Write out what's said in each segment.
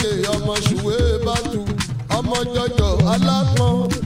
ọmọ jẹ ọmọ ṣùwé bàtù ọmọ jọjọ alápọn.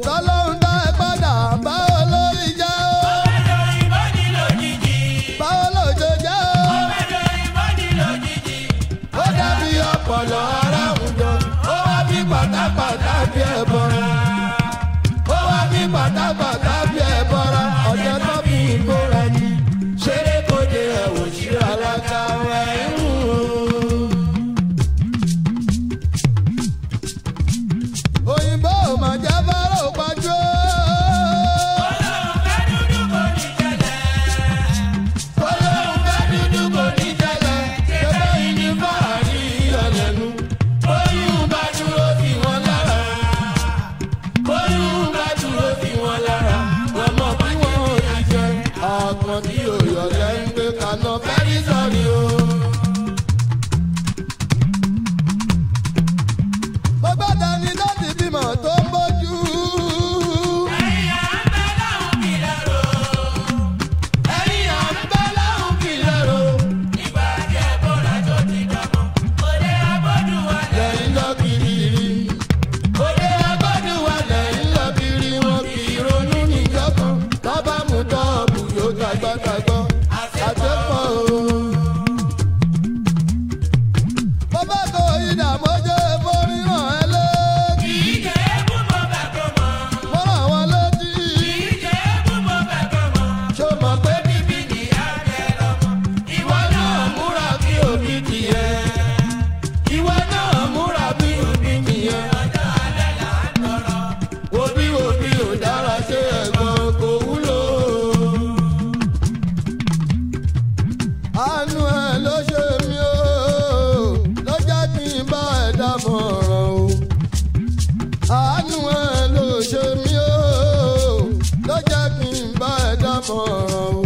todos sọ̀rọ̀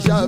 já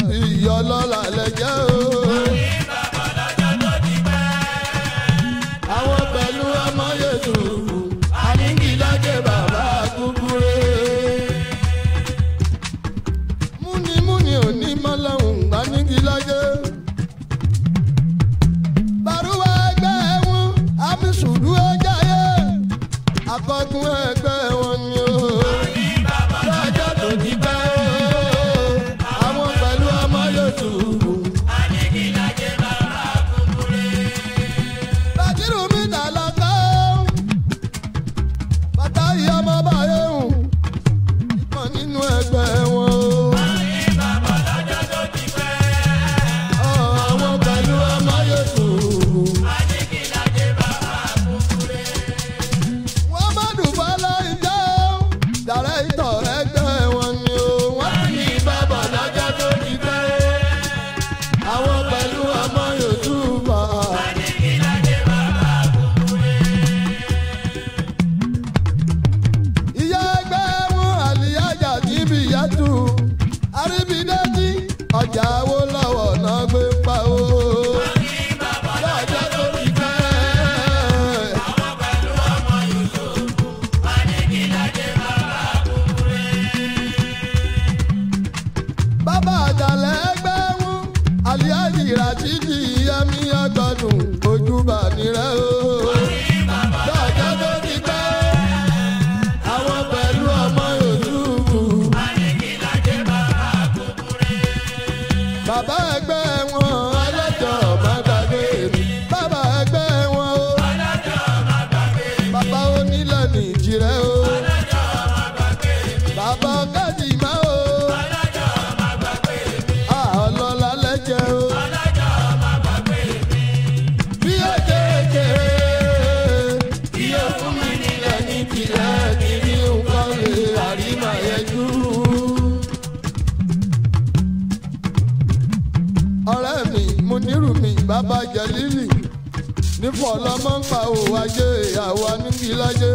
nífọ̀ lọ́mọ ń fa òwò ajé àwọ̀ anúgilájé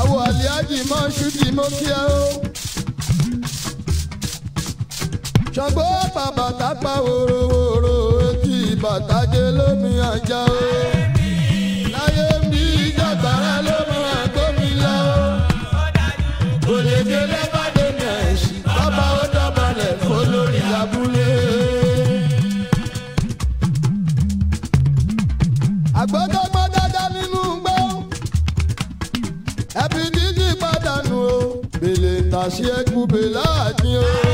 àwọ̀ àlíájì mọ́ ṣútì mọ́kíá o. ṣàgbó bàbà tápá wòròwòrò etí bàtàjẹ́ lómi àjà o. àṣẹ kúbẹ̀ láàdín o.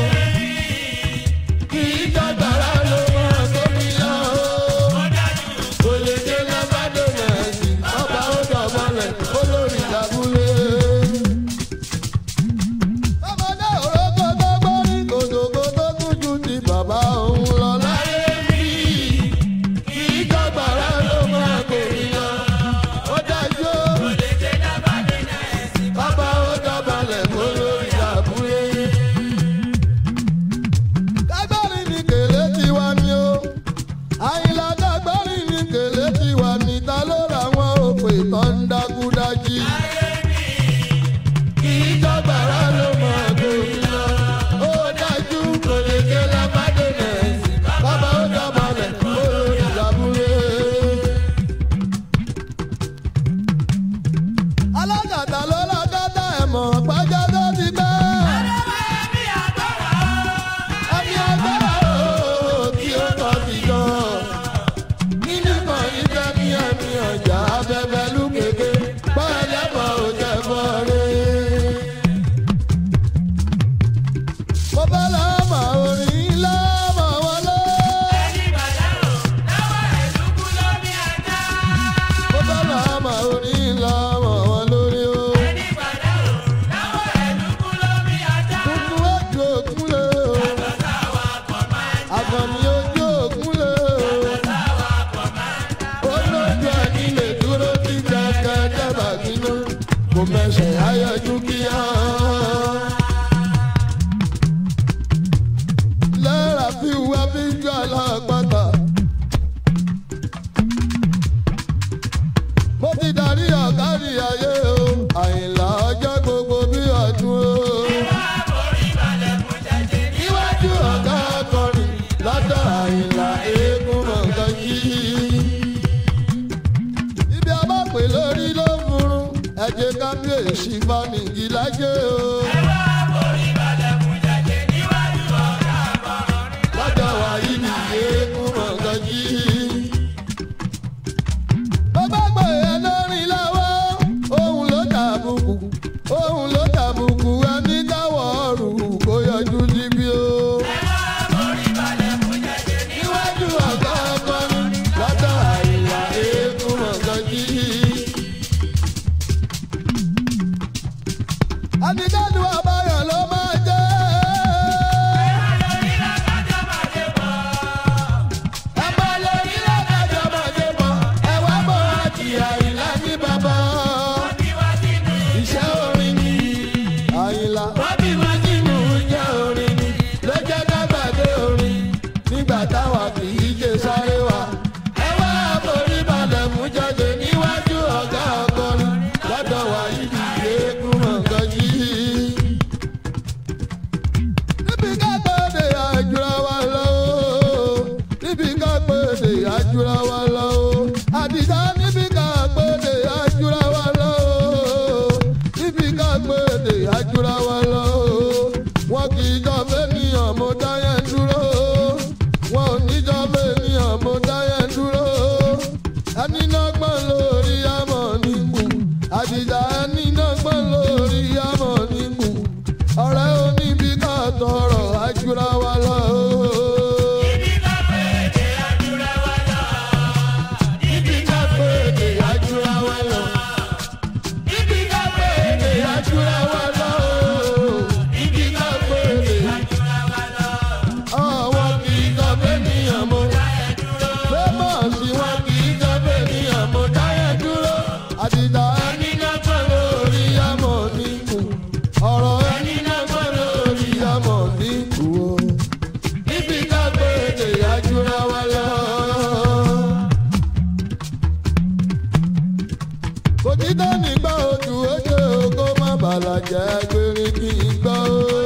òtítọ́ mi gbọ́ òtù ó jẹ́ òkó má bàlàjẹ́ gbérí kí n gbọ́ ó.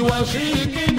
she washiriki